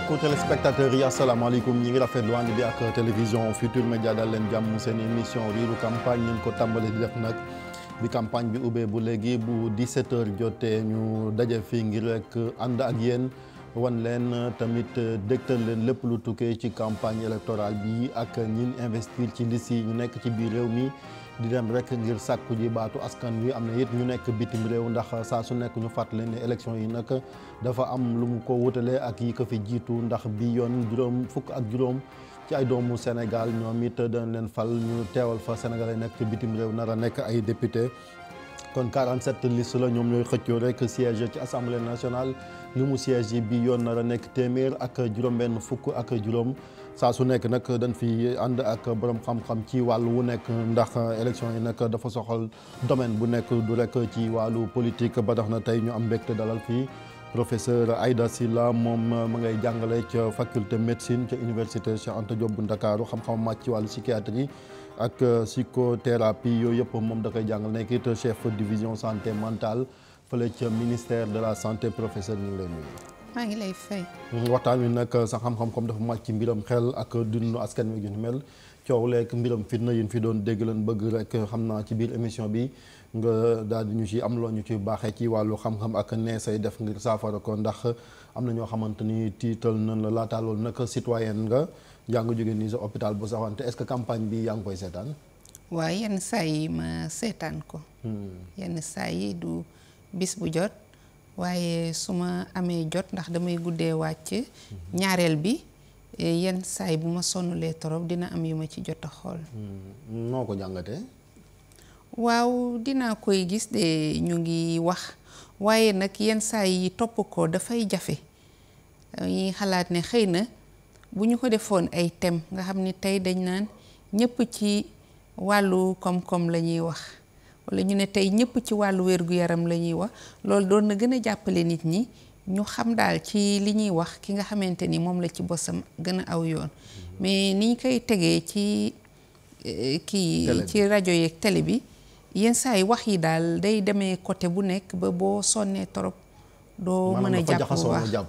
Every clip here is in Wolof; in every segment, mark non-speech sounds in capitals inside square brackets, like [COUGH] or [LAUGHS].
mbokku téléspectateurs yi asalaamaaleykum ñi ngi rafetlu ànd bi ak télévision Futur Média dal leen jàmm seen émission riiru campagne ñu ko tàmbali di def nag bi campagne bi ubbee bu léegi bu di heures jotee ñu daje fii ngir rek ànd ak yéen wan leen tamit dégtal leen lépp lu tukkee ci campagne électorale bi ak ñin investir ci liste yi ñu nekk ci biir réew mi. di dem rek ngir sàkku ji baatu askan wi am na it ñu nekk bitim réew ndax saa su nekk ñu fàttali ne élection yi nag dafa am lu mu ko wutalee ak yi ko fi jiitu ndax bii yoon juróom fukk ak juróom ci ay doomu Sénégal ñoom it dañ leen fal ñu teewal fa Sénégal yi nekk bitim réew nar a nekk ay député kon 47 liste la ñoom ñooy xëccoo rek siège ci assemblée national ñu mu siège yi bi yoon nar a nekk téeméer ak juróom benn fukk ak juróom saa su nekk nag dañ fi ànd ak borom xam-xam ci wàll wu nekk ndax élection yi nag dafa soxal domaine bu nekk du rek ci wàllu politique ba tax na tey ñu am mbégte dalal fii professeur Aïda Sylla moom mu ngay jàngale ca faculté médecine ca université Cheikh Anta Diop bu Ndakaaru xam-xam màcc ci wàllu psychiatrie ak psychothérapie yooyu yëpp moom dafay koy jàngal nekk it chef division santé mentale fële ca ministère de la santé professeur ñu ngi lay maa ngi lay fay. waxtaan wi nag sa xam-xam comme dafa màcc ci mbiram xel ak dundu askan wi ñu mel coow leeg mbiram fitna yu ñu fi doon dégg leen bëgg rek xam naa ci biir émission bi nga daal di ñu ci am loo ñu ci baaxee ci wàllu xam-xam ak nee say def ngir saafara ko ndax am na ñoo xamante ni tiital nañ la laataa nag citoyen nga yaa ngi jóge nii sa hôpital bu saxante est-ce que campagne bi yaa ngi koy seetaan. waaw yenn saa yi ma seetaan ko. Hmm. yenn saa yi du waaye su ma amee jot ndax damay guddee wàcc ñaareel bi yenn saay bu ma sonnulee torop dina am yu ma ci jot a xool hmm, waaw dinaa koy gis de ñu ngi wax waaye nag yenn saay yi topp ko dafay jafe yi xalaat ne xëy na bu ñu ko defoon ay thème nga xam ni tey dañ naan ñëpp ci wàllu koom-koom la ñuy wax wala ñu ne tey ñëpp ci wàllu wér-gu-yaram la ñuy wax loolu doon na gën a jàppale nit ñi ñu xam daal ci li ñuy wax ki nga xamante ni moom la ci bosam gën a aw yoon mais niñ koy tegee ci eh, kii ci rajo yeeg télé bi yenn saa yi wax yi daal day demee côté bu nekk ba boo sonnee trop doo mën a jàpp bu baax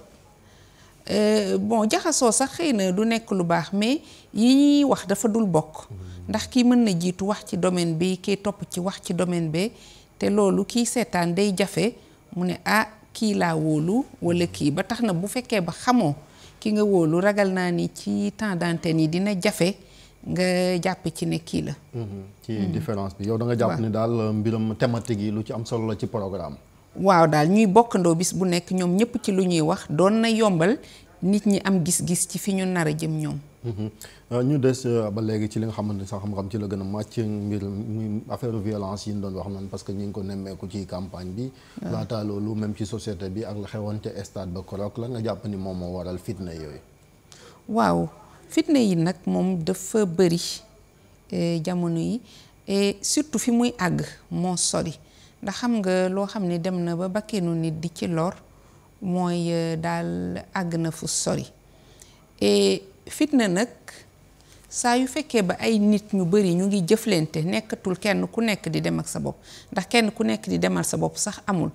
eh, bon jaxasoo sax xëy na du nekk lu baax mais yi ñuy wax dafa dul bokk ndax kii mën na jiitu wax ci domaine bi kii topp ci wax ci domaine bi te loolu kii seetaan day jafe mu ne ah kii laa wóolu wala kii ba tax na bu fekkee ba xamoo ki nga wóolu ragal naa ni ci temps d'antenne yi dina jafe nga jàpp ci ne kii la. Mhm. ci mhm. différence bi yow da nga jàpp ne daal euh, mbiram thématique yi lu ci am solo la ci programme. waaw daal ñuy bokkandoo bis bu nekk ñoom ñëpp ci lu ñuy wax doon na yombal nit ñi am gis-gis ci fi ñu nar a jëm ñoom. Mhm. Euh, ñu des euh, ba léegi ci li nga xamante ne sax xam-xam ci la gën a màcc mbir muy affaire violence yi doon wax noonu parce que ñu ngi ko nemmeeku ci campagne bi. laata loolu même ci société bi ak la xewoon ca stade ba Korok la nga jàpp ni moom moo waral fitna yooyu. waaw fitna yi nag moom dafa bëri e, jamono yi et surtout fi muy àgg moo sori ndax xam nga loo xam ne dem na ba bakkenu nit di ci lor mooy e, daal àgg na fu sori e, fitna nag saa yu fekkee ba ay nit ñu bari ñu ngi jëflante nekkatul kenn ku nekk di dem ak sa bopp ndax kenn ku nekk di demal sa bopp sax amul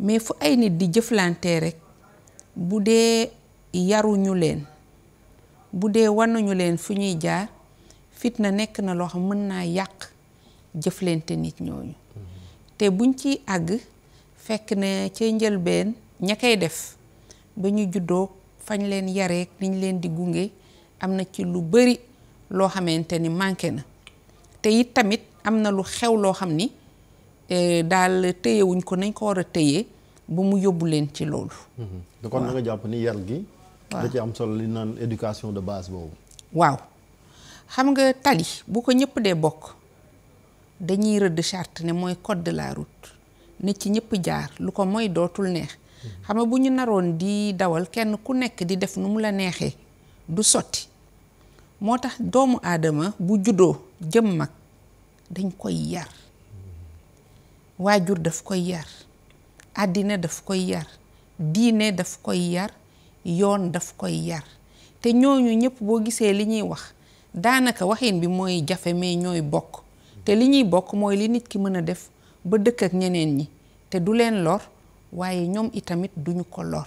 mais fu ay nit di jëflante rek bu dee yaruñu leen bu dee wanuñu leen fu ñuy jaar fitna nekk na loo mën naa yàq jëflante nit ñooñu te buñ ci àgg fekk na ca njëlbeen ña koy def ba ñu juddoo fañ leen yareek niñ leen di gunge am na ci lu bari loo xamante ni manqué na te it tamit am na lu xew loo xam ni eh, daal téyewuñ ko nañ ko war a téye bu mu yóbbu leen ci loolu mhm. da kon na nga jàpp ni yar gi da ci am solo li naan éducation de base boobu waaw xam nga tali bu ko ñëpp dee bokk dañuy rëdd chart ne mooy code de la route ne ci ñëpp jaar lu ko moy dootul neex xam nga bu ñu naroon di dawal kenn ku nekk di def nu mu la neexee du sotti moo tax doomu aadama bu juddoo jëm mag dañ koy yar waajur daf koy yar àddina daf koy yar diine daf koy yar yoon daf koy yar te ñooñu ñëpp boo gisee li ñuy wax daanaka waxin bi mooy jafe mais ñooy bokk te li ñuy bokk mooy li nit ki mën a def ba dëkk ak ñeneen ñi te du leen lor waaye ñoom itamit duñu ko lor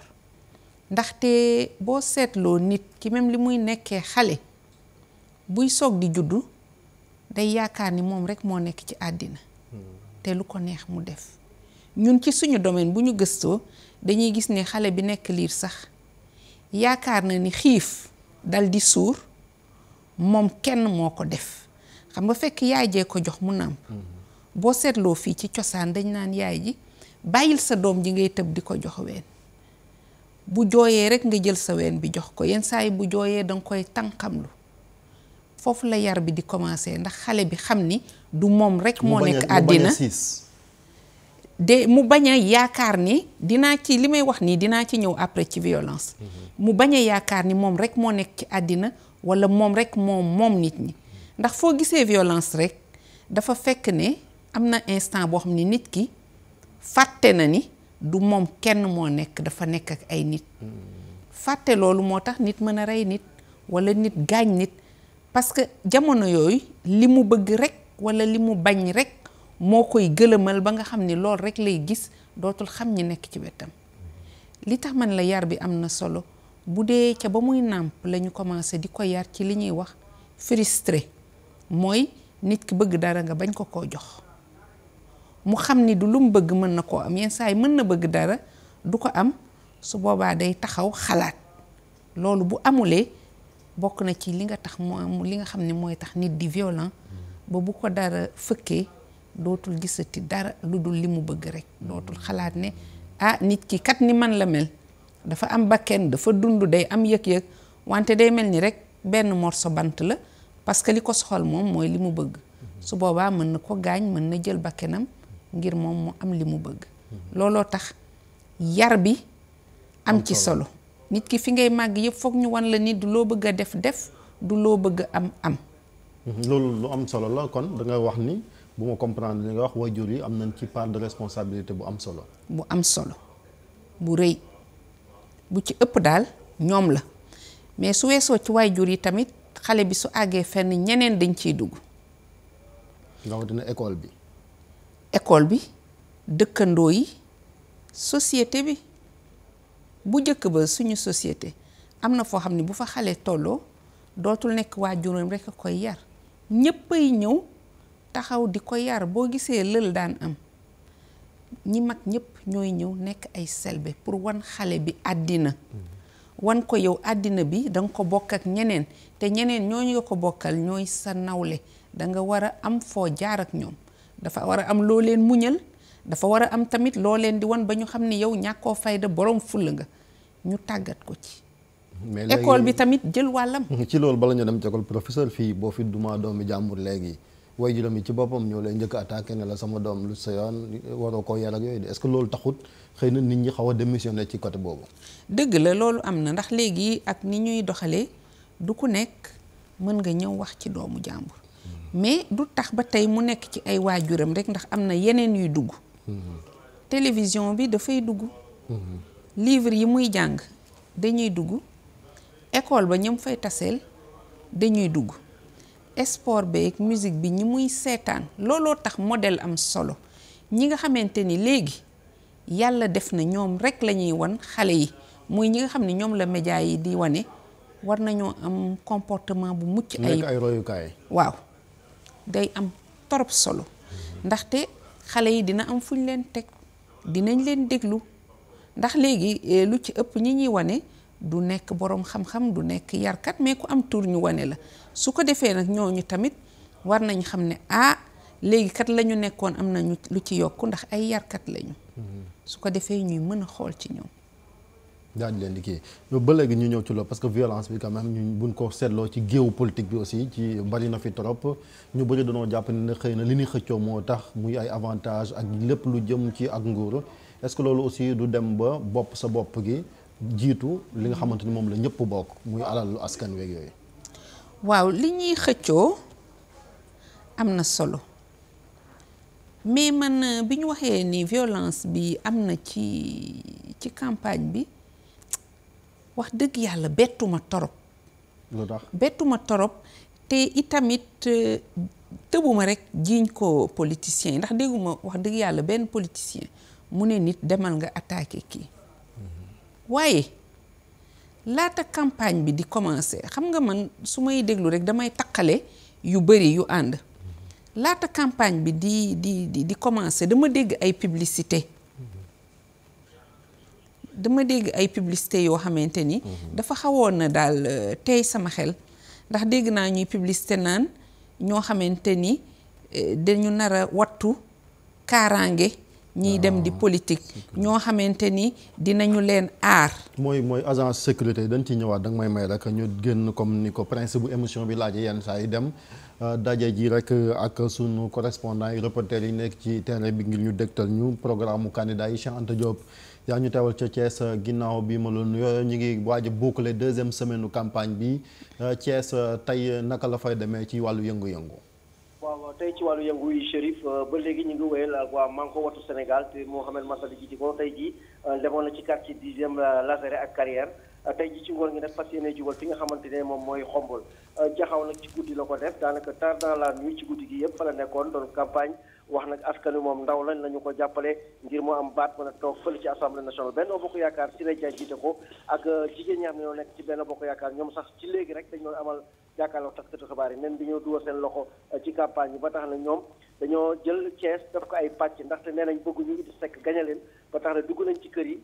ndaxte boo seetloo nit ki même li muy nekkee xale buy soog di juddu day yaakaar ni moom rek moo nekk ci àddina te lu ko neex mu def ñun ci suñu domaine bu ñu gëstoo dañuy gis ne xale bi nekk liir sax yaakaar na ni xiif dal di suur moom kenn moo ko def xam nga fekk yaay jee ko jox mu nàmp mm-hmm. boo seetloo fii ci cosaan dañ naan yaay ji bàyyil sa doom ji ngay tëb di ko jox ween bu jooyee rek nga jël sa ween bi jox ko yenn saa yi bu jooyee danga koy lu foofu la yar bi di commencer ndax xale bi xam ni du moom rek moo nekk de mu bañ a yaakaar ni dinaa ci li may wax nii dinaa ci ñëw après ci violence mhm. mu bañ a yaakaar ni moom rek moo nekk ci àddina walla moom rek moom moom nit ñi ndax foo gisee violence rek dafa fekk ne am na instant boo xam ne nit ki fàtte na ni du moom kenn moo nekk dafa nekk ak ay nit fàtte loolu moo tax nit mën a rey nit wala nit gaañ nit parce que jamono yooyu li mu bëgg rek wala li mu bañ rek moo koy gëlëmal ba nga xam ni loolu rek lay gis dootul xam ñi nekk ci wetam li tax man la yar bi am na solo bu dee ca ba muy nàmp la ñu commencé di ko yar ci li ñuy wax firistre mooy nit ki bëgg dara nga bañ ko koo jox mu xam ni du lu mu bëgg mën na koo am yenn saa yi mën na bëgg dara du ko am su boobaa day taxaw xalaat loolu bu amulee bokk na ci li nga tax moo li nga xam ne mooy tax nit di violent ba bu ko dara fëkkee dootul gisati dara lu dul li mu bëgg rek dootul xalaat ne ah nit ki kat ni man la mel dafa am bakken dafa dund day am yëg-yëg wante day mel ni rek benn morso bant la parce que li ko soxal moom mooy li mu bëgg su boobaa mën na ko gaañ mën na jël bakkenam ngir moom mu am li mu bëgg looloo tax yar bi am ci solo nit ki fi ngay màgg yëpp foog ñu wan la ni du loo bëgg a def def du loo bëgg am am mhm. loolu lu am solo la kon da nga wax ni bu ma comprendre li nga wax waajur yi am nañ ci part de responsabilité bu am solo bu am solo bu rëy bu ci ëpp daal ñoom la mais su weesoo ci waajur yi tamit xale bi su àggee fenn ñeneen dañ ciy dugg rawatina école bi école bi dëkkandoo yi societé bi bu njëkk ba suñu societé am na foo xam ne bu fa xale tolloo dootul nekk waajuram rekk a ko yar ñéppay ñëw taxaw di ko yar boo gisee lël daan am ñi mag ñépp ñooy ñëw nekk ay selbe pour wan xale bi àddina mm-hmm. wan ko yow àddina bi danga ko bokk ak ñeneen te ñeneen ñoo nga ko bokkal ñooy sa nawle danga war a am foo jaar ak ñoom dafa war a am loo leen muñal dafa war a am tamit loo leen di wan ba ñu xam ne yow ñàkkoo fayda borom fulla nga ñu tàggat ko ci. mais école bi tamit jël wàllam. [LAUGHS] ci loolu bala ñu dem ci école professeur fii boo fi duma doomi jàmbur léegi way juróom yi ci boppam ñoo lay njëkk attaqué ne la sama doom lu sa yoon waroo koo yar ak yooyu de est que loolu taxut xëy na nit ñi xaw a démissionné ci côté boobu. dëgg la loolu am na ndax léegi ak ni ñuy doxalee du ku nekk mën nga ñëw wax ci doomu jàmbur. mais du tax ba tey mu nekk ci ay waajuram rek ndax am na yeneen yuy dugg télévision bi dafay dugg livre yi muy jàng dañuy dugg école ba ñam fay taseel dañuy dugg sport beeg musique bi ñi muy seetaan looloo tax modèle am solo ñi nga xamante ni léegi yàlla def na ñoom rek la ñuy wan xale yi muy ñi nga xam ne ñoom la média yi di wane war nañoo am comportement bu mucc ay royukaay waaw day am torop solo ndaxte xale yi dina am fuñ leen teg dinañ leen déglu ndax léegi eh, lu ci ëpp ñi ñuy wane du nekk boroom xam-xam du nekk yarkat mais ku am tur ñu wane la su ko defee nag ñooñu tamit war nañ xam ne ah léegi kat la ñu nekkoon am na lu ci yokk ndax ay yarkat lañu mm-hmm. su ko defee ñuy mën a xool ci ñoom daal leen di kii ba léegi ñu ñëw ci loolu parce que violence bi quand même ñu buñ ko seetloo ci géew politique bi aussi ci bari na fi trop ñu bëri dañoo jàpp ne xëy na li ñuy xëccoo moo tax muy ay avantage ak lépp lu jëm ci ak nguur est-ce que loolu aussi du dem ba bopp sa bopp gi jiitu li nga xamante ni moom la ñëpp bokk muy alalu askan week yooyu. waaw li ñuy xëccoo am na solo. mais man euh, bi ñu waxee ni violence bi am na ci ci campagne bi wax dëgg yàlla bettuma torop lu tax bettuma torop te itamit euh, tëbuma rek jiiñ ko politicien ndax dégguma wax dëgg yàlla benn politicien mu ne nit demal nga attaqué kii mm-hmm. waaye laata campagne bi di commencer xam nga man su may déglu rek damay taqale yu bari yu ànd mm-hmm. laata campagne bi di di di di commencer dama dégg ay publicité dama dégg ay publicité yoo xamante ni. Mhm. dafa xawoon na daal euh, tey sama xel. ndax dégg naa ñuy publicité naan ñoo xamante ni euh, dañu nar a wattu kaaraange. ñiy dem di ah, politique. ñoo xamante ni dinañu leen aar. mooy mooy agence sécurité dañ ci ñëwaat danga may may rek ñu génn comme ni ko principe bu émission bi laaj yenn saa yi dem. Euh, daje ji rek euh, ak sunu correspondant yi reporter yi nekk ci terrain bi ngir ñu dégtal ñu programme mu candidat yi Cheikh Anta Diop. yaa ñu teewal ca Thiès euh, ginnaaw bi ma loon yooyu ñu ngi waaj a boucler deuxième semaine campagne bi Thiès tey naka la fa demee ci wàllu yëngu-yëngu. waaw tey ci wàllu yëngu yi Chérif ba léegi ñu ngi wéyal ak waa Manko Wattu Sénégal te Mouhamed Massali jiite ko tey jii demoon na ci quartier dixième Lazare ak carrière tey ji ci ngoon ngi nag fas yéene jubal fi nga xamante ne moom mooy xombol euh, jaxaw nag ci guddi la ko def daanaka tard dans la nuit ci guddi gi yëpp fa la nekkoon doon campagne wax nag askan wi moom ndaw lañ la ñu ko jàppale ngir mu am baat mën a toog fële ci assemblée nationale Benno Bokk Yaakaar si lay jaay ko ak euh, jigéen ñi xam ne ñoo nekk ci Benno Bokk Yaakaar ñoom sax ci léegi rek dañ doon amal jàkkaarloo taskatu xibaar yi même bi ñoo dugal seen loxo euh, ci campagne ba tax na ñoom dañoo jël Thiès daf ko ay pàcc ndaxte nee nañ bëgguñu Idrissa Seck gañe leen ba tax dugg nañ ci kër yi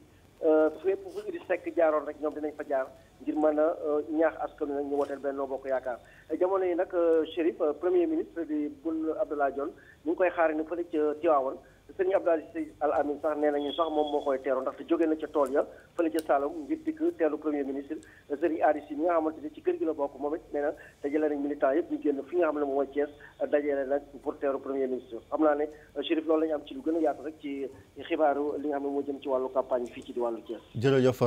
fépp fu Idrissa Seck jaaroon rek ñoom dinañ fa jaar ngir mën a euh, ñaax askan wi nag ñu woteel Benno Bokk Yaakaar jamono yi nag euh, Chérif euh, premier ministre di Boun Abdallah Dionne ñu ngi koy xaar ni fële ca Tivaouane sëñ Abdou Aziz Sy Al Amine sax nee nañu sax moom moo koy teeru ndaxte jóge na ca tool ya fële ca Saloum ngir dikk teelu premier ministre sëriñ Ari Sy nga xamante ne ci kër gi la bokk moom it nee na dajale nañ militant yëpp ñu génn fi nga xam ne moom mooy Thiès dajale nag pour teeru premier ministre xam naa ne Chérif loolu la am ci lu gën a yaatu rek ci xibaaru li nga xam ne moo jëm ci wàllu campagne fii ci di wàllu Thiès jërëjëf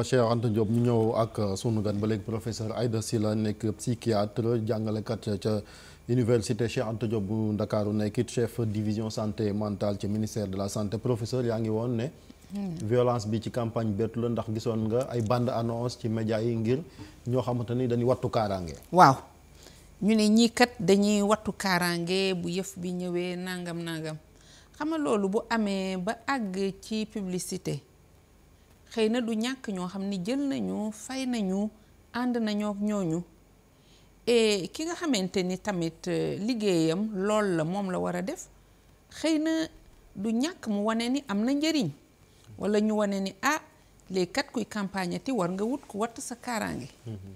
Cheikh Anta Diop université Cheikh Anta Diop bu Ndakaaru nekkit chef division santé mentale ci ministère de la santé professeur yaa ngi woon ne violence bi ci campagne bettu la ndax gisoon nga ay band annonce ci média yi ngir ñoo xamante ni dañuy wattu kaaraange waaw ñu ne ñii kat dañuy wattu kaaraange bu yëf bi ñëwee nangam nangam xam nga loolu bu amee ba àgg ci publicité xëy na du ñàkk ñoo xam ni jël nañu fay nañu ànd nañoo ñooñu ki nga xamante ni tamit euh, liggéeyam lool la moom la war a def xëy na du ñàkk mu wane ni am na njëriñ wala ñu wane ni ah léegi kat kuy campagne ti war nga wut ku watt sa kaaraange. Mm-hmm.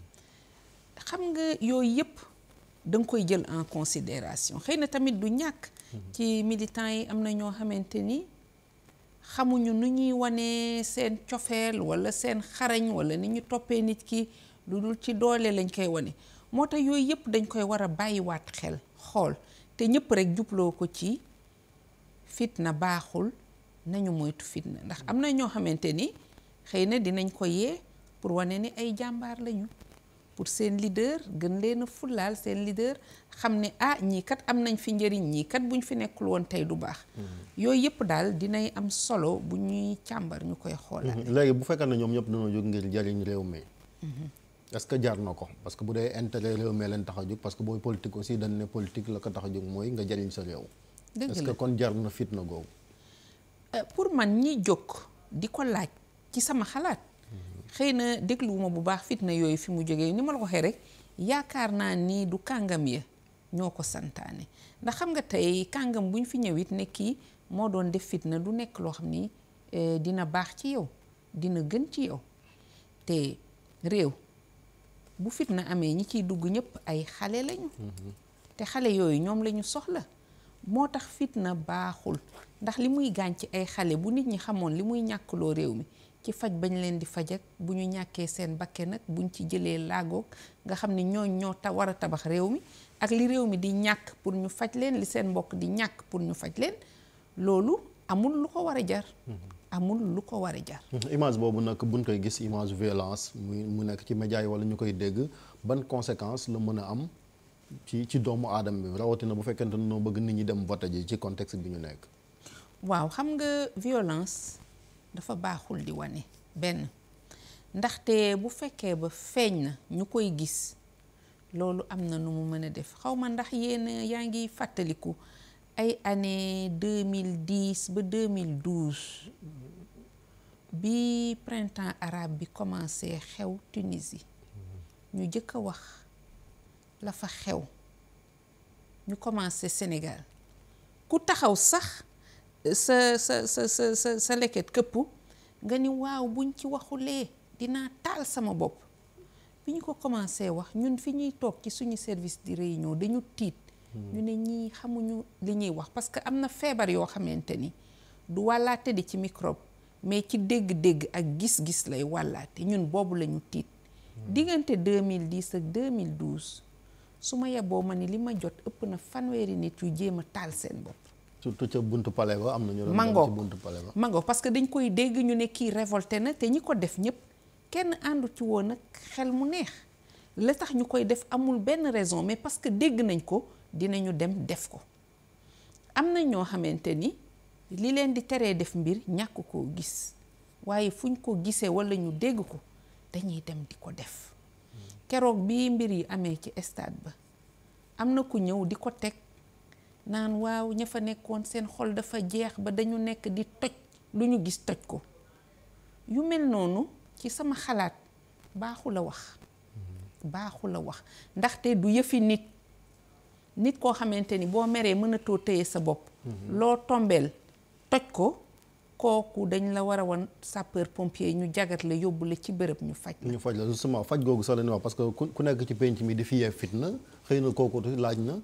xam nga yooyu yëpp danga koy jël en considération xëy na tamit du ñàkk. Mm-hmm. ci militants yi am na ñoo xamante ni xamuñu nu ñuy wane seen cofeel wala seen xarañ wala ni ñu toppee nit ki lu dul ci doole lañ koy wane. moo tax yooyu yëpp dañ koy war a bàyyiwaat xel xool te ñëpp rek jubloo ko ci fitna baaxul nañu moytu fitna ndax am na ñoo xamante ni xëy na dinañ ko yee pour wane ni ay jàmbaar lañu pour seen leader gën leen a seen leader xam ne ah ñii kat am nañ fi njariñ ñii kat ñu fi nekkul woon tey du baax. Mm-hmm. yooyu yëpp daal dinay am solo bu ñuy càmbar ñu koy xoolaat. Mm-hmm. léegi bu fekkee na ñoom ñëpp dañoo jóg ngir jëriñ réew mi. Mm-hmm. est-ce que jar na ko parce que bu dee intérêt réew mi leen tax a jóg parce que booy politique aussi dañ ne politique la ko tax a jóg mooy nga jariñ sa réew. dëgg la kon jar na fit na googu. Euh, pour man ñi jóg di ko laaj ci sama xalaat. xëy na dégluwuma bu baax fitna yooyu fi mu jógee ni ma la ko waxee rek yaakaar naa nii du kàngam ya ñoo ko santaane ndax xam nga tey kàngam bu ñu fi ñëw it ne kii moo doon def fitna du nekk loo xam ni euh, dina baax ci yow dina gën ci yow bu fitna amee ñi ciy dugg ñëpp ay xale lañu. te xale yooyu ñoom lañu soxla moo tax fitna baaxul ndax li muy gaañ ci ay xale bu nit ñi xamoon li muy ñàkkloo réew mi ci faj bañ leen di faj bu ñu ñàkkee seen bakke nag buñ ci jëlee laagoog nga xam ni ñooñ ñoo ta war a tabax réew mi ak li réew mi di ñàkk pour ñu faj leen li seen mbokk di ñàkk pour ñu faj leen loolu amul lu ko war a jar. Mm-hmm. amul lu ko war a jar. image boobu nag buñ koy gis image violence mu nekk ci média yi wala ñu koy dégg ban conséquence la mën a am ci ci doomu aadama bi rawatina bu fekkente ne noo bëgg nit ñi dem vote ji ci contexte bi ñu nekk. waaw xam nga violence dafa baaxul di wane benn ndaxte bu fekkee ba feeñ na ñu koy gis loolu am na nu mu mën a def xaw ma ndax yéen yaa ngi fàttaliku. ay année deux mille dix ba deux mille douze bi printemps arabe bi commencé xew Tunisie ñu jëkk a wax la fa xew ñu commencé Sénégal ku taxaw sax sa sa sa sa sa sa leket këpp nga ni waaw buñ ci waxulee dinaa taal sama bopp bi ñu ko commencé wax ñun fi ñuy toog ci suñu service di réunion dañu tiit ñu ne ñii xamuñu li ñuy wax parce que am na feebar yoo xamante ni du wàllaate di ci microbe mais ci dégg-dégg ak gis-gis lay wàllaate ñun boobu la ñu tiit diggante 2010 ak 2012 su ma yeboo ma ni li ma jot ëpp na fanweeri nit yu jéem a taal seen bopp surtout ca buntu palais ba am na ñu mango ci buntu palais ba parce que dañ koy dégg ñu ne kii révolté na te ñi ko def ñëpp kenn àndu ci woon ak xel mu neex la tax ñu koy def amul benn raison mais parce que dégg nañ ko dinañu dem def ko am na ñoo xamante ni li leen di teree def mbir ñàkk koo gis waaye fuñ ko gisee walla ñu dégg ko dañuy dem di ko def keroog bi mbir yi amee ci stade ba am na ku ñëw di ko teg naan waaw ña fa nekkoon seen xol dafa jeex ba dañu nekk di toj lu ñu gis toj ko yu mel noonu ci sama xalaat baaxu la wax baaxu la wax ndaxte du yëfi nit nit koo xamante ni boo meree mënatoo téye sa bopp mhm. loo tombeel toj ko kooku dañ la war a wan sapeur pompier ñu jagat la yóbbu la ci bërëb ñu faj la ñu faj la justement faj googu sax la ñuy wax parce que ku nekk ci penc mi di fi fitna xëy na kooku laaj na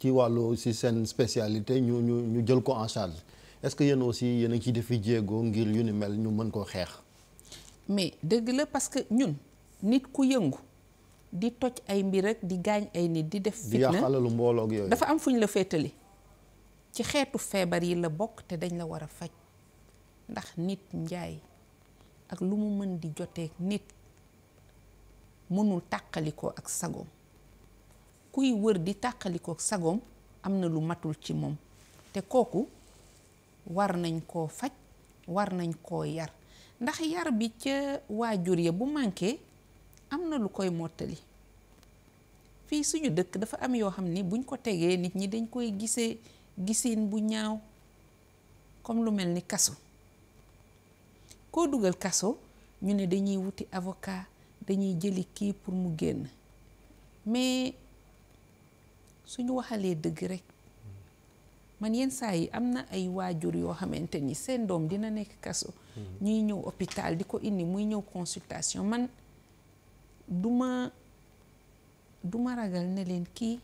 ci wàllu si seen spécialité ñu ñu ñu jël ko en charge est-ce que yéen aussi yéen a ngi ciy def jéego ngir yu ni mel ñu mën koo xeex mais dëgg la parce que ñun nit ku yëngu di toj ay mbir ak di gaañ ay nit di def fitna di yàq alalu mbooloo ak yooyu dafa am fuñ la féetali ci xeetu feebar yi la bokk te dañ la war a faj ndax nit njaay ak lu mu mën di joteeg nit mënul tàqalikoo ak sagoom kuy wër di tàqalikoo ak sagoom am na lu matul ci moom te kooku war nañ koo faj war nañ koo yar ndax yar bi ca waajur ya bu manqué am na lu koy mottali fii suñu dëkk dafa am yoo xam ni buñ ko tegee nit ñi dañ koy gisee gisin bu ñaaw comme lu mel ni kaso koo dugal kaso ñu ne dañuy wuti avocat dañuy jëli kii pour mu génn mais suñu waxalee dëgg rek man yenn saa yi am na ay waajur yoo xamante ni seen doom dina nekk kaso mm-hmm. ñuy ñëw hôpital di ko indi muy ñëw consultation man duma duma ragal ne leen kii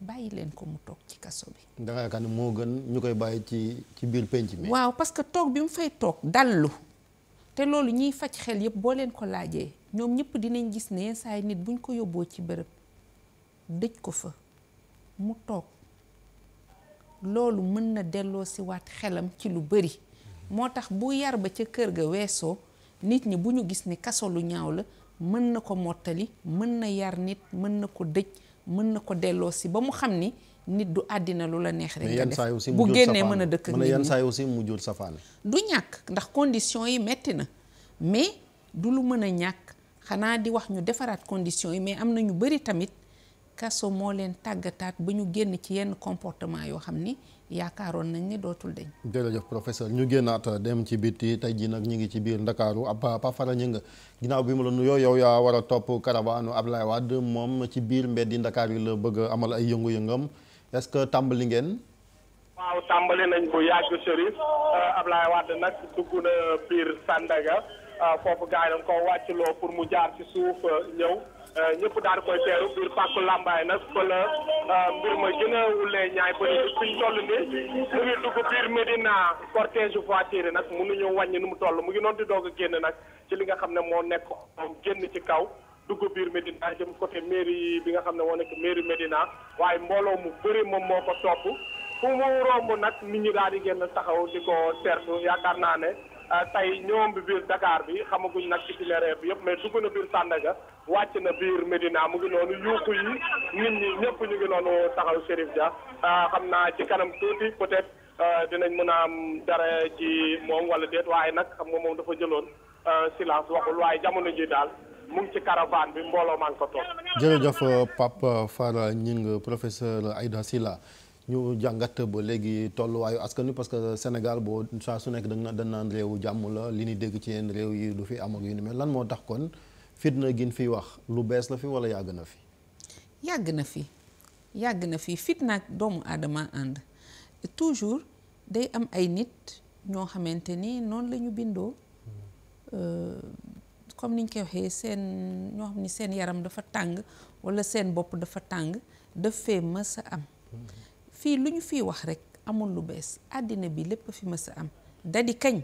bàyyi leen ko mu toog ci kaso bi. da nga moo gën ñu koy bàyyi ci ci biir penc mi. waaw parce que toog bi mu fay toog dallu te loolu ñuy faj xel yëpp boo leen ko laajee ñoom ñëpp dinañ gis ne saay nit buñ ko yóbboo ci bërëb dëj ko fa mu toog loolu mën na delloo si waat xelam ci lu bari moo tax bu yar ba ca kër ga weesoo nit ñi bu ñu gis ni kaso lu ñaaw la. mën na ko mottali mën na yar nit mën na ko dëj mën na ko delloo si ba mu xam ni nit du àddina lu la neex rek nga def bu génnee mën a dëkk ak nit yenn saa yi aussi mu jur safaan du ñàkk ndax condition yi metti na mais du lu mën a ñàkk xanaa di wax ñu defaraat condition yi mais am na ñu bari tamit kaso moo leen tàggataat ba ñu génn ci yenn comportement yoo xam ni yaakaaroon nañ ni dootul dañ jërëjëf professeur ñu génnaat euh, dem ci biti tey jii nag ñu ngi ci biir ndakaaru ab euh, Pafara Gningue ginnaaw bi mu la nuyoo yow yaa war a topp caravane Abdoulaye Wade moom ci biir mbeddi ndakaar yi la bëgg amal ay yëngu-yëngam est que tàmbali ngeen waaw tàmbali nañ bu yàgg Chérif euh, Abdoulaye Wade nag dugg biir Sandaga foofu gars yi wàcc loo pour mu jaar ci suuf ñëw Euh, ñëpp daal koy teeru biir pàkku làmbaay nag fa la euh, mbir ma gën a wulee ñaay ba ni fi ñu toll nii mu ngi dugg biir Médina cortège voiture nag mënuñu wàññi nu mu toll mu ngi noonu di doog a génn nag ci li nga xam ne moo nekk moom génn ci kaw dugg biir Médina jëm côté mairie bi nga xam ne moo nekk mairie Médina waaye mbooloo mu bëri moom moo ko topp fu mu romb nag nit ñi daal di génn taxaw di ko teertu yaakaar naa ne Euh, tey ñoom bi biir Dakar bi xamaguñ nag itinéraire bi yëpp mais dugg na biir Sandaga wàcc na biir Medina mu ngi noonu yuuxu yi nit ñi ñëpp ñu ngi noonu taxaw Chérif Dia euh, xam naa ci kanam tuuti peut-être euh, dinañ mën a am dara ci moom wala déet waaye nag xam nga moom dafa jëloon silence waxul waaye jamono ji daal mu ci caravane bi mbooloo maa ngi ko toog. jërëjëf Pape Fara Gningue professeur Aïda Sylla ñu jàngat ba léegi tolluwaayu askan wi parce que Sénégal boo saa su nekk dana dañ naan réewu jàmm la li ñu dégg ci yenn réew yi du fi am ak yu ni mel lan moo tax kon fitna gin fiy wax lu bees la fi wala yàgg na fi. yàgg na fi yàgg na fi fitna ak doomu aadama ànd day am ay nit ñoo xamante ni noonu la ñu bindoo euh, comme niñ koy waxee seen ñoo xam ni seen yaram dafa tàng wala seen bopp dafa tàng daf fee mës am. fii lu ñu fi wax rekk amul lu bees àddina bi lépp fi mës a am dadi kañ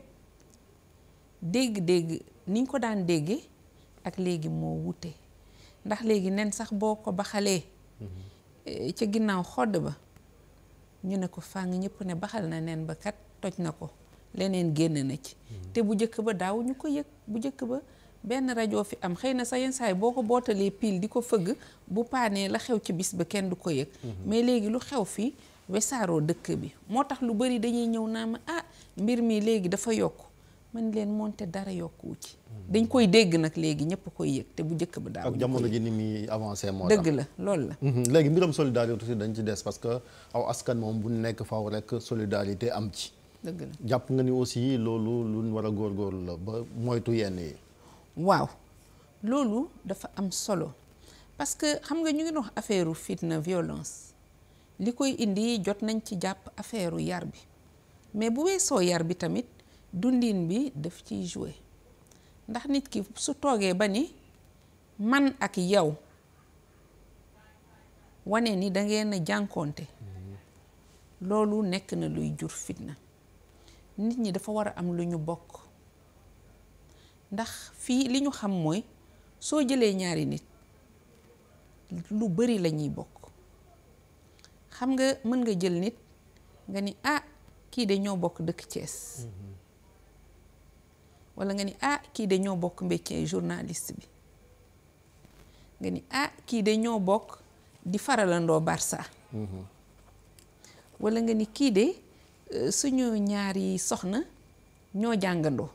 dégg-dégg niñ ko daan déggee ak léegi moo wute ndax léegi nen sax boo ko baxalee eh, ca ginnaaw xodd ba ñu ne ko fàng ñépp ne baxal na nen ba kat toj na ko leneen génn na ci mm-hmm. te bu jëkk ba daaw ñu ko yëg bu jëkk ba benn rajo fi am xëy na sa yenn boo ko bootalee pile di ko fëgg bu paanee la xew ci bis ba kenn du ko yëg mhm. mais léegi lu xew fii wesaaroo dëkk bi moo tax lu bari dañuy ñëw naa ma ah mbir mi léegi dafa yokk man leen te dara yokkuwu ci mhm. dañ koy dégg nag léegi ñëpp koy yëg te bu njëkk ba daaw ak jamono ji ni muy avancé moo dëgg la lool la mhm. léegi mbiram solidarité aussi dañ ci des parce que aw askan moom bu nekk faw rek solidarité am ci dëgg la jàpp nga ni aussi loolu luñ war a ba moytu yenn yi waaw loolu dafa am solo parce que xam nga ñu ngi wax affaire fitna violence li koy indi jot nañ ci jàpp affaire yar bi mais bu weesoo yar bi tamit dundin bi def ciy jouer ndax nit ki su toogee ba ni man ak yow wane ni da ngeen a jànkoonte mm-hmm. loolu nekk na luy jur fitna nit ñi dafa war a am lu ñu bokk ndax fii li ñu xam mooy soo jëlee ñaari nit lu bari la ñuy bokk xam nga mën nga jël nit nga ni ah kii de ñoo bokk dëkk Thiès wala nga ni ah kii de ñoo bokk métier journaliste bi nga ni ah, bokk di faralandoo Barça wala nga ni kii de euh, suñu ñaari soxna ñoo jàngandoo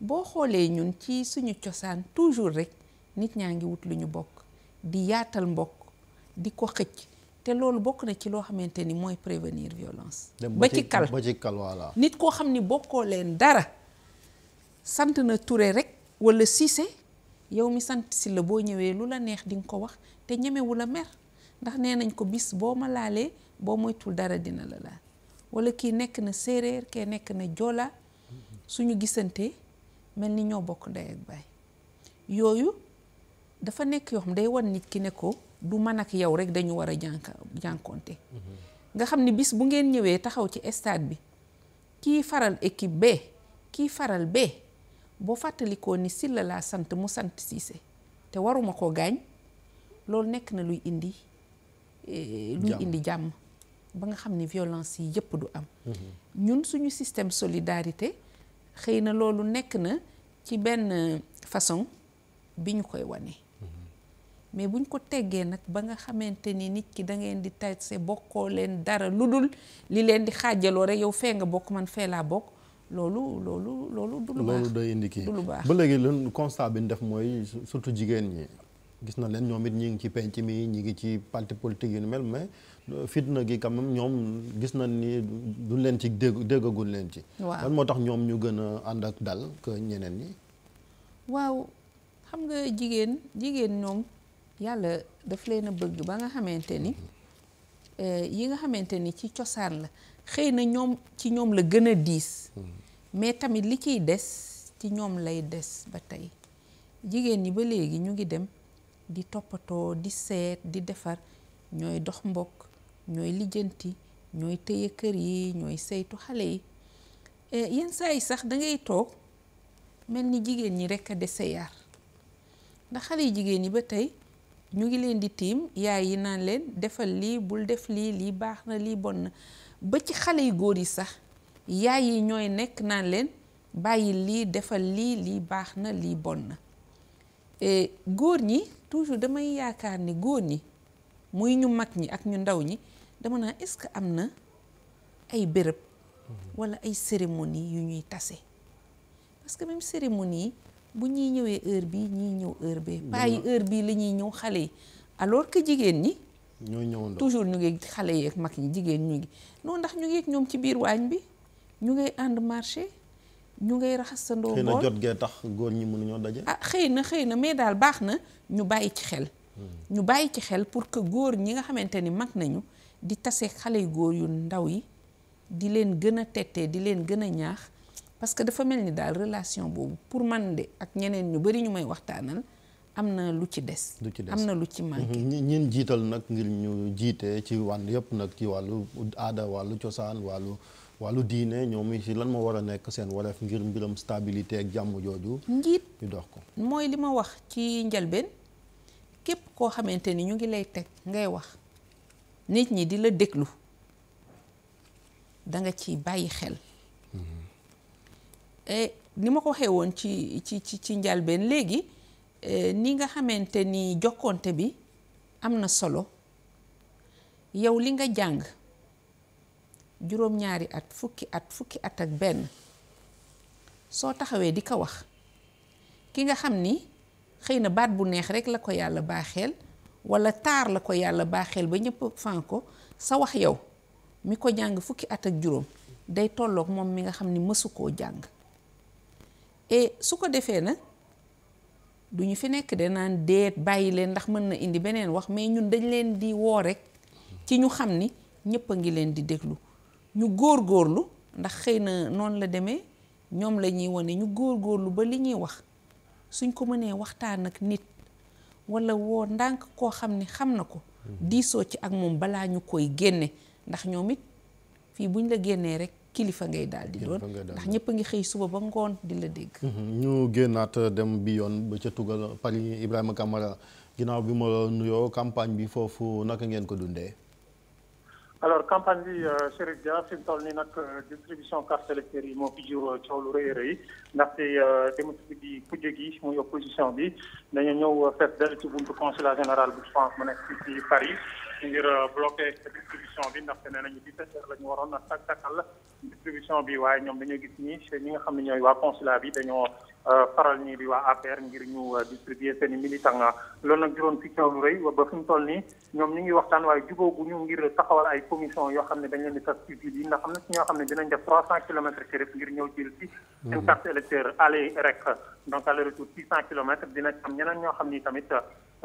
boo xoolee ñun ci suñu cosaan toujours rek nit ñaa ngi wut lu ñu bokk di yaatal mbokk di ko xëcc te loolu bokk na ci loo xamante ni mooy prévenir violence ba ba ci kal voilà nit koo xam ni bokkoo leen dara sant na Touré rek walla Cissé yow mi sant si la boo ñëwee lu la neex di nga ko wax te ñemewu la mer ndax nee nañ ko bis boo ma laalee boo moytul dara dina la laal wala kii nekk na séeréer kee nekk na joola suñu gisantee mel ni ñoo bokk ndey ak baay yooyu dafa nekk yoo xam day wan nit ki ne ko du man ak yow rek dañu war a jànk jànkonte nga xam ni bis bu ngeen ñëwee taxaw ci stade bi kii faral équipe bee kii faral bee boo fàttalikoo ni Sylla laa sant mu sant Cissé te waruma ko gaañ loolu nekk na luy indi e, luy indi jàmm ba nga xam ni violence yi yëpp du am mm-hmm. ñun suñu système solidarité xëy na loolu nekk na ci benn façon bi ñu koy wane mais buñ ko teggee nag ba nga xamante ni nit ki dangeen di di tase bokkoo leen dara lu dul li leen di xaajaloo rek yow fee nga bokk man fee laa bokk loolu loolu loolu du lu baax loolu day indi kii lu baax ba léegi lan constat bi ñu mooy surtout jigéen ñi gis na leen ñoom it ñi ngi ci penc mi ñi ngi ci parti politique yu ni mel mais fitna gi quand ñoom gis na ni duñ leen ci dégg déggaguñ leen ci. waaw moo tax ñoom ñu gën a ànd ak dal que ñeneen ñi. waaw xam nga jigéen jigéen ñoom yàlla daf leen a bëgg ba nga xamante ni eh, yi nga xamante ni ci cosaan la xëy na ñoom ci ñoom la gën a diis. Mm-hmm. mais tamit li ciy des ci ñoom lay des ba tey jigéen ñi ba léegi ñu ngi dem di toppatoo di seet di defar ñooy dox mbokk. ñooy lijjanti ñooy téye kër yi ñooy saytu xale yi eh, yenn saa yi sax dangay toog mel ni jigéen ñi rekk a dese yar ndax xale yi jigéen ñi ba tey ñu ngi leen di tiim yaay yi naan leen defal lii bul def lii lii baax na lii bon na ba ci xale yu góor yi sax yaay yi ñooy nekk naan leen bàyyi lii defal lii lii baax na lii na eh, góor ñi toujours damay yaakaar ni góor ñi muy ñu mag ñi ak ñu ndaw ñi dama naa est-ce que am na ay béréb wala ay cérémonie yu ñuy tase parce que même cérémonie yi bu ñuy ñëwee heure bii ñuy ñëw heure bi pas yi heure bii la ñuy ñëw xale yi alors que jigéen ñi ñoo ñëwandoo toujours ñu ngi xale yi ak mag ñi jigéen ñu ngi noon ndax ñu ngi ak ñoom ci biir waañ bi ñu ngay ànd marché ñu ngay raxasandoo bool xëy na jot gee tax góor ñi mënuñoo daje ah xëy na xëy na mais daal baax na ñu bàyyi ci xel hmm. ñu bàyyi ci xel pour que góor ñi nga xamante ni mag nañu di tase xale yu góor yu ndaw yi di leen gën a tettee di leen gën a ñaax parce que dafa mel ni daal relation boobu pour man de ak ñeneen ñu bari ñu may waxtaanal am na lu ci des. lu ci des am na lu ci manqué. Mhm. ñin jiital nag ngir ñu jiite ci wàll yëpp nag ci wàllu aada wàllu cosaan wàllu wàllu diine ñoom si lan moo war a nekk seen wareef ngir mbiram stabilité ak jàmm jooju. njiit ñu dox ko. mooy li ma wax ci njëlbeen képp koo xamante ni ñu ngi lay teg ngay wax. nit ñi di la déglu da nga ci bàyyi xel mm-hmm. eh, ni ma ko waxee woon ci ci ci ci njëlbeen léegi eh, ni nga xamante ni jokkonte bi am na solo yow li nga jàng juróom-ñaari at fukki at fukki at ak benn soo taxawee di ko wax ki nga xam ni xëy na baat bu neex rekk la ko yàlla baaxeel wala taar la ko yàlla baaxeel ba ñëpp fan ko sa wax yow mi ko jàng fukki at ak juróom day tollook moom mi nga xam ni mësu koo jàng su ko defee nag du ñu fi nekk de naan déet bàyyi leen ndax mën na indi beneen wax mais ñun dañ leen di woo rek ci ñu xam ni ñëpp a ngi leen di déglu ñu góor góorlu ndax xëy na noonu la demee ñoom la ñuy wane ñu góorlu ba li ñuy wax suñ ko mënee waxtaan ak nit wala woo ndànk koo xam ne xam na ko diisoo ci ak moom balaa ñu koy génne ndax ñoom it fii buñ la génnee rek kilifa ngay daal di doon ndax ñëpp a ngi xëy suba ba ngoon di la dégg mm-hmm. ñu génnaat dem bi yoon ba ca tugal Paris Ibrahima Camara ginnaaw bi ma nuyoo campagne bi foofu naka ngeen ko dundee alors campagne bi Chérif Dia fi mu toll nii nag distribution carte électeur yi moo fi jur coow lu rëy a rëy ndaxte euh, dem ci guddi kujje gi muy opposition bi dañu ñëw euh, fees dell ci buntu consulat général bu France mu nekk fii ci Paris ngir euh, bloqué distribution bi ndaxte nee nañu 17 heures la ñu waroon a tak takkal distribution bi waaye ñoom dañoo gis ni ñi nga xam ne ñooy waa consulat bi dañoo. Euh, faral ñii di waa APR ngir ñu euh, distribuer seen i lool loolu nag juróon fi coow lu rëy ba fi toll nii ñoom ñu ngi waxtaan waaye jubóogu ñu ngir taxawal ay commission yoo xam ne dañ leen di tas ci ville yi ndax am na ci ñoo xam ne dinañ def trois cent kilomètres ci ngir ñëw jël si mhm. seen carte électeur aller rek donc aller retour six cent kilomètres dina ñeneen ñoo xam ni tamit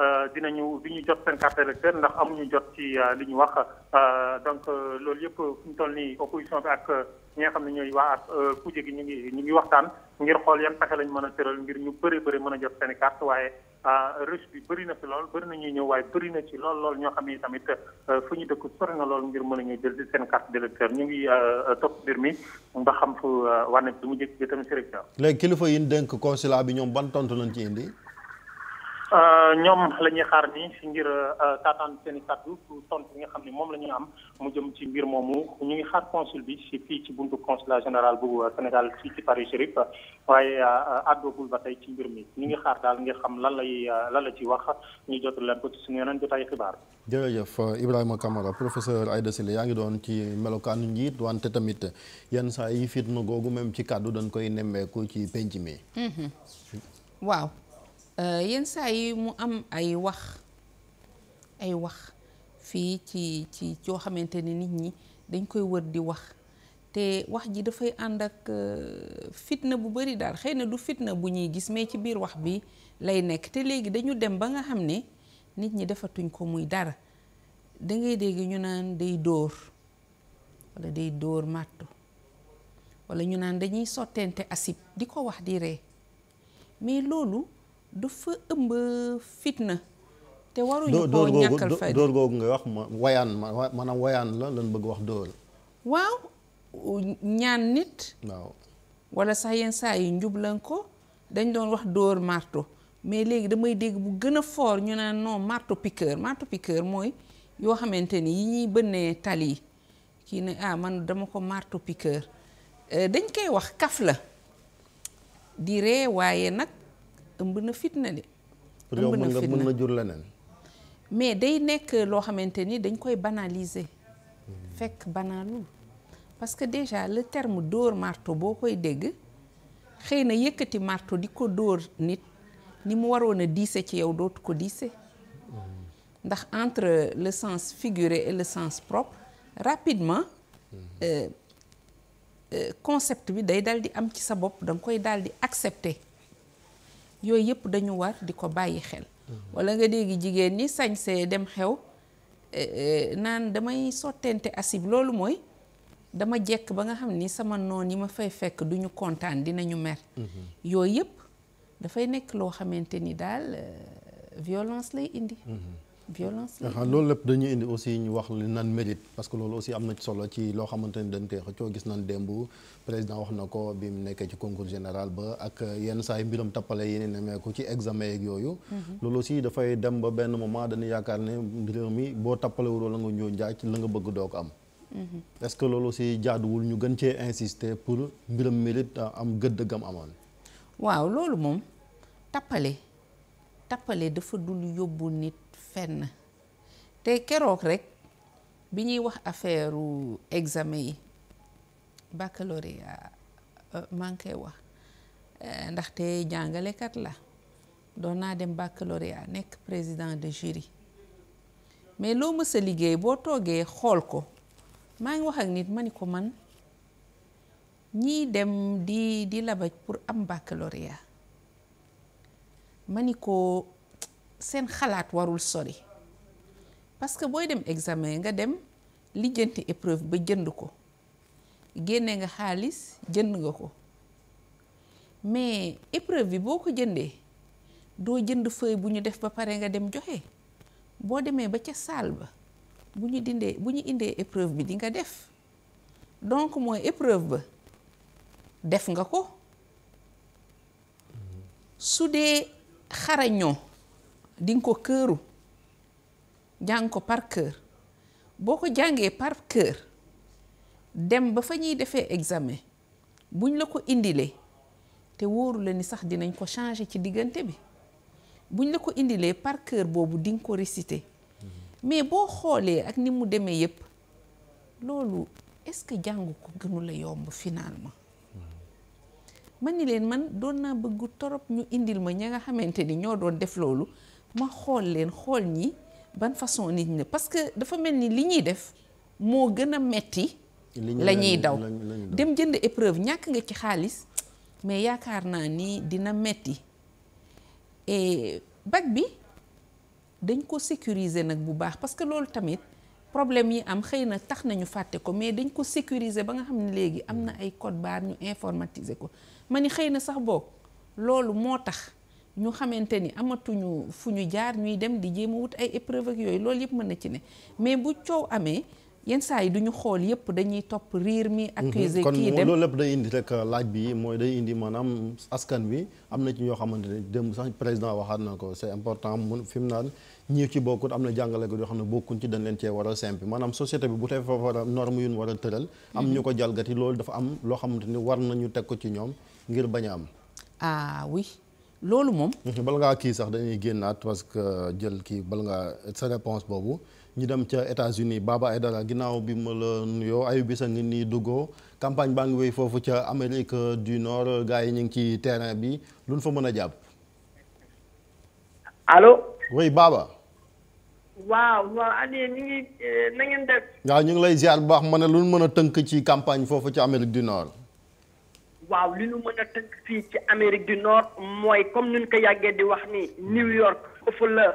dina euh, dinañu bi ñu jot seen carte électeur ndax amuñu jot ci euh, li ñu wax euh, donc loolu yëpp fu ñu toll nii opposition bi ak ñi nga xam ne ñooy waa ak kuje gi ñu ngi ñu ngi waxtaan ngir xool yan pexe lañ mën a tëral ngir ñu bëree bëri mën a jot seen i waaye rush bi bëri na fi lool bëri na ñuy ñëw waaye bëri na ci lool lool ñoo xam yi tamit fu ñu dëkk sori na lool ngir mën a ñëw jël ci seen carte d'électeur ñu ngi topp mbir mi nga xam fu wànne bi mu jëkk jëtam si rek léegi kilifa yi ñu dénk consulat bi ñoom ban tontu lañ ci Euh, ñoom la ñuy xaar ni ngir euh, taataan seen i kàddu tontu bi nga xam ne moom la ñuy am mu jëm ci mbir moomu ñu ngi xaar consul bi ci fii ci buntu consulat général bu euh, Sénégal fii ci Paris Chérif waaye àddoogul ba tey ci mbir mi ñu ngi xaar daal nga xam lan lay lan la ci wax ñu jot leen ko ci suñu yeneen xibaar. jërëjëf Ibrahima Kamara professeur Aïda yaa ngi doon ci melokaanu njiit wante tamit yenn saa yi fitna googu même ci kàddu dañ koy nemmeeku ci penc Euh, yenn saa yi mu am ay wax ay wax fii ci ci joo xamante ne nit ñi dañ koy wër di wax te wax ji dafay ànd ak euh, fitna bu bari daal xëy na du fitna bu ñuy gis mais ci biir wax bi lay nekk te léegi dañu dem ba nga xam ne nit ñi defatuñ ko muy dara dangay dégg ñu naan day dóor walla day dóor màttu walla ñu naan dañuy sottente asib di ko wax di ree mais loolu dafa ëmb fitna. te waruñu koo ñàkkal fay dóor googu nga wax ma wayaan ma maanaam wayaan la lan bëgg wax dóor. waaw ñaan nit. waaw wala sax yenn saa yi njublan ko dañ doon wax door marto mais léegi damay dégg bu gën a fort ñu naan non marto piqueur marto piqueur mooy yoo xamante ni yi ñuy bënnee tali kii ne ah man dama ko marto piqueur euh, dañ koy wax kaf la di ree waaye nag. ëmb na fitna de. ëmb na fitna mën na mais day nekk loo xamante ni dañ koy banaliser. fekk banalul parce que déjà le terme dóor marto boo koy dégg xëy na yëkkati marto di ko dóor nit ni mu waroon a diise ci yow dootu ko diise. ndax entre le sens figure et le sens propre rapidement euh, euh, concept bi day dal di am ci sa bopp da nga koy daal di accepter. yooyu yëpp dañu war di ko bàyyi xel wala nga dégg jigéen ñi sañsee dem xew eh, eh, naan damay sottente asib loolu mooy dama jekk ba nga xam ni sama noon yi ma fay fekk duñu kontaan dinañu mer mm-hmm. yooyu yëpp dafay nekk loo xamante ni daal eh, violence lay indi mm-hmm. violence la loolu lépp dañu indi aussi ñu wax li naan mérite parce que loolu aussi am na ci solo ci loo xamante ni dañ koy xëccoo gis nañ démb président wax na ko bi mu nekkee ci concours général ba ak yenn saa mbiram tappale yi ne nemeeku ci examen yeeg yooyu mhm. loolu aussi dafay dem ba benn moment dañu yaakaar ne réew mi boo tappalewuloo la nga ñëw njaaj la nga bëgg doo am mhm. est loolu aussi jaaduwul ñu gën cee insister pour mbiram mérite ah, am gëdd gam amoon waaw loolu moom tappale na te keroog rek bi ñuy wax affaire examen yi euh, maa ngi koy wax euh, ndaxte jàngalekat la doon naa dem baccalauréat nekk président de jury mais loo mës a liggéey boo toogee xool ko maa ngi wax ak nit ma ni ko man ñii dem di di labaj pour am baccalauréat ma ni ko seen xalaat warul sori parce que booy dem examen nga dem lijjanti épreuve ba jënd ko génne nga xaalis jënd nga ko mais épreuve bi boo ko jëndee doo jënd feuille bu ñu def ba pare nga dem joxe boo demee ba ca salle ba bu ñu dindee bu ñu indee épreuve bi dinga def donc mooy épreuve ba def nga ko su dee xarañoo di ko këru jàng ko par boo ko jàngee par cœur dem ba fa ñuy defee examen buñ la ko indilee te wóoru la ni sax dinañ ko changer ci diggante bi buñ la ko indilee par cœur boobu di nga ko réciter mm-hmm. mais boo xoolee ak ni mu demee yépp loolu est-ce que jàngu ko gënu yomb finalement mm-hmm. ma ni leen man doon naa bëggu torop ñu indil ma ña nga xamante ni ñoo doon def loolu ma xool leen xool ñi ban façon nit ñi parce que dafa mel ni li ñuy def moo gën a metti la ñuy daw dem jënd épreuve ñàkk nga ci xaalis mais yaakaar naa ni dina metti et bac bi dañ ko sécuriser nag bu baax parce que loolu tamit problème yi am xëy na tax nañu fàtte ko mais dañ ko sécuriser ba nga xam ne léegi am na ay code bar ñu informatiser ko ma ni xëy na sax boog loolu moo tax ñu xamante ni amatuñu fu ñu jaar ñuy dem di jéem a wut ay épreuve ak yooyu loolu yëpp mën na ci ne mais bu coow amee yenn saa yi du ñu xool yëpp dañuy topp riir mi mhm. accusé kii dem kon loolu lépp day indi rek euh, laaj bi mooy day indi maanaam askan wi am na ci ñoo xamante ne démb sax président waxaat na ko c'est important mun fi mu naan ñii ci bokkut am na ko yoo xam ne bokkuñ ci dañ leen cee war a simpi maanaam société bi bu tey fa war a norme yu ñu war a tëral am mhm. ñu ko jalgati loolu dafa am loo xamante ni war nañu teg ko ci ñoom ngir bañ a am ah loolu moom. Mm-hmm. bal ngaa kii sax dañuy génnaat parce que jël kii bal ngaa sa réponse boobu ñu dem ca États-Unis Baba Aydara ginnaaw bi ma la nuyoo ayu bisa ngi nii duggoo campagne baa ngi wéy foofu ca Amérique du Nord gars yi ñu ngi ci terrain bi lu fa mën a jàpp. allo. oui Baba. Eh, waaw ñu ngi lay ziar bu baax ma ne lu ñu mën a tënk ci campagne foofu ca Amérique du Nord. waaw li ñu mën a tënk fii ci Amérique du Nord mooy comme ni nuñ ko yàggee di wax ni New York foofu la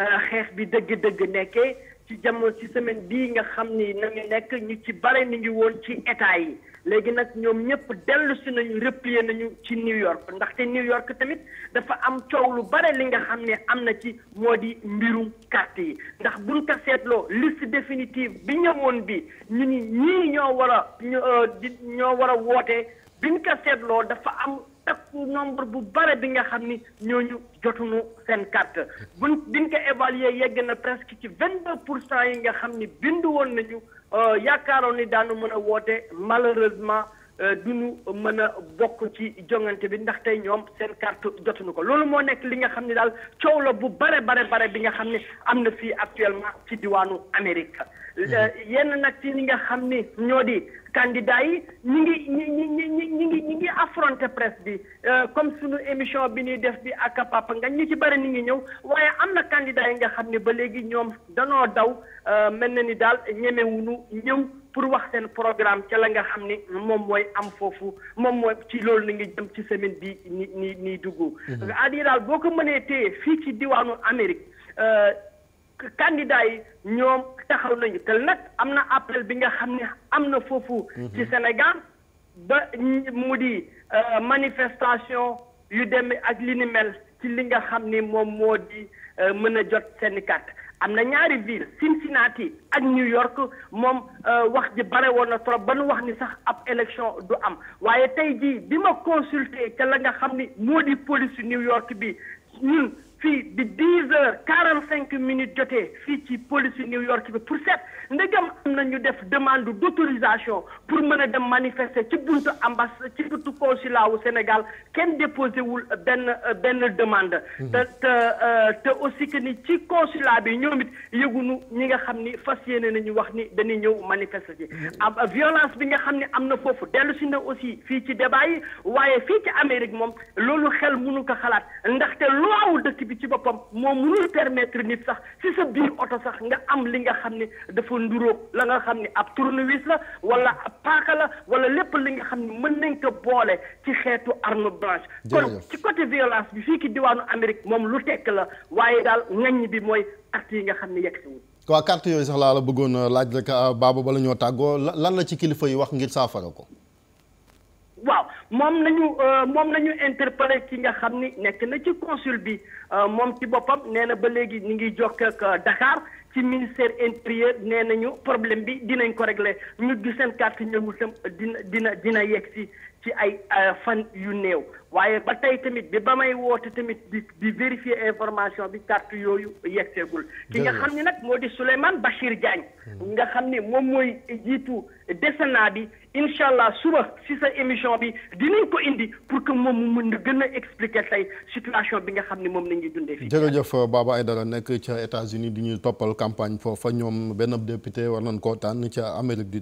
euh, xeex bi dëgg-dëgg nekkee ci jamono ci semaine bii nga xam ni nañu nekk ñu ci bare ni ngi woon ci état yi léegi nag ñoom ñëpp dellu si nañu replier nañu ci New York ndaxte New York tamit dafa am coow lu bare li nga xam ne am na ci moo di mbirum carte yi ndax buñ ko seetloo liste définitive bi ñëwoon bi ñu ni ñii ñoo war euh, ñoo war a woote biñ ko seetloo dafa am takku nombre bu bare bi nga xam ni ñooñu jotuñu seen carte buñ biñ ko évaluer yegg na presque ci vingt deux pour cent yi nga xam ni bind woon nañu euh, yaakaaroon ni daanu mën a woote malheureusement Euh, duñu mën a bokk ci jongante bi ndax tey ñoom seen carte jotuñu ko loolu moo nekk li nga xam ne daal coow la bu bare bare bare bi nga xam ne am na fii actuellement ci diwaanu Amérique hmm. euh, yenn nag ci li nga xam ni ñoo di candidat yi ñi ngi ñi ñi ñi ñi ngi ñi ngi affronté presse bi euh, comme suñu émission bi ñuy def bi ak Papa nga ñi ci bari ni ngi ñëw waaye am na candidat yi nga xam ne ba léegi ñoom danoo daw mel na ni daal ñemewuñu ñëw pour wax seen programme ca la nga xam ni moom mooy am foofu moom mooy ci loolu ni ngi jëm ci semaine bi ni ni nii dugg mhm. aadi boo ko mënee téye fii ci diwaanu Amérique euh, candidat yi ñoom taxaw nañu te nag am na appel bi nga xam ne am na foofu mhm. ci senegal ba mu di euh, manifestation yu demee ak li ni mel ci li nga xam ni moom moo di euh, mën a jot seen carte am na ñaari ville Cincinnati ak New York moom euh, wax ji bare woon na trop ba nu wax ni sax ab élection du am waaye tey jii bi ma consulter ca nga xam ni moo di police New York bi ñun fii bi dix heures quarante cinq minutes jotee fii ci police New York bi pour seet ndegam am na ñu def demande d' autorisation pour mën a dem manifester ci buntu ambassade ci buntu consulat wu Sénégal kenn déposé wul benn benn demande. Hmm. te te euh, te aussi que ni ci consulat bi ñoom it yëgunu ñi nga xam ni fas yéene nañu wax ni dañuy ñëw manifester ji. Hmm. ab violence bi nga xam ne am na foofu dellu si na aussi fii ci débat yi waaye fii ci Amérique moom loolu xel mënu ko xalaat bi ci boppam moo mënul permettre nit sax si sa biir oto sax nga am li nga xam ne dafa nduróog la nga xam ne ab tournevis la wala ab paaka la wala lépp li nga xam ne mën nañ ko boole ci xeetu arme blanche kon ci côté violence bi fii ki diwaanu Amérique moom lu tekk la waaye daal ŋaññ bi mooy acte yi nga xam ne yegg siwul waaw carte yooyu sax laa la bëggoon euh, laaj rek euh, baaba bala ñoo tàggoo lan la ci kilifa yi wax ngir saafara ko waaw moom nañu euh, moom nañu interpellé ki nga xam ni nekk na ci consul bi euh, moom ci boppam nee na ba léegi ñu ngi jokk ak euh, Dakar ci ministère intérieur nee nañu problème bi dinañ ko réglé ñu gi seen carte ñëwul tam dina dina dina yegg si ci ay euh, fan yu néew waaye ba tey tamit bi ba may woote tamit di di vérifier information bi carte yooyu yegseegul ki nga xam ni nag moo di Souleymane Bachir Diagne hmm. nga xam ni moom mooy jiitu décenat bi incha suba si sa émission bi dinañ ko indi pour que moom mu mën gën a expliquer tey situation bi nga xam ne moom la ñuy dundee fii. jërëjëf Baba Aydara nekk ca États-Unis di ñu toppal campagne foofa ñoom benn député war nañ koo tànn ca Amérique du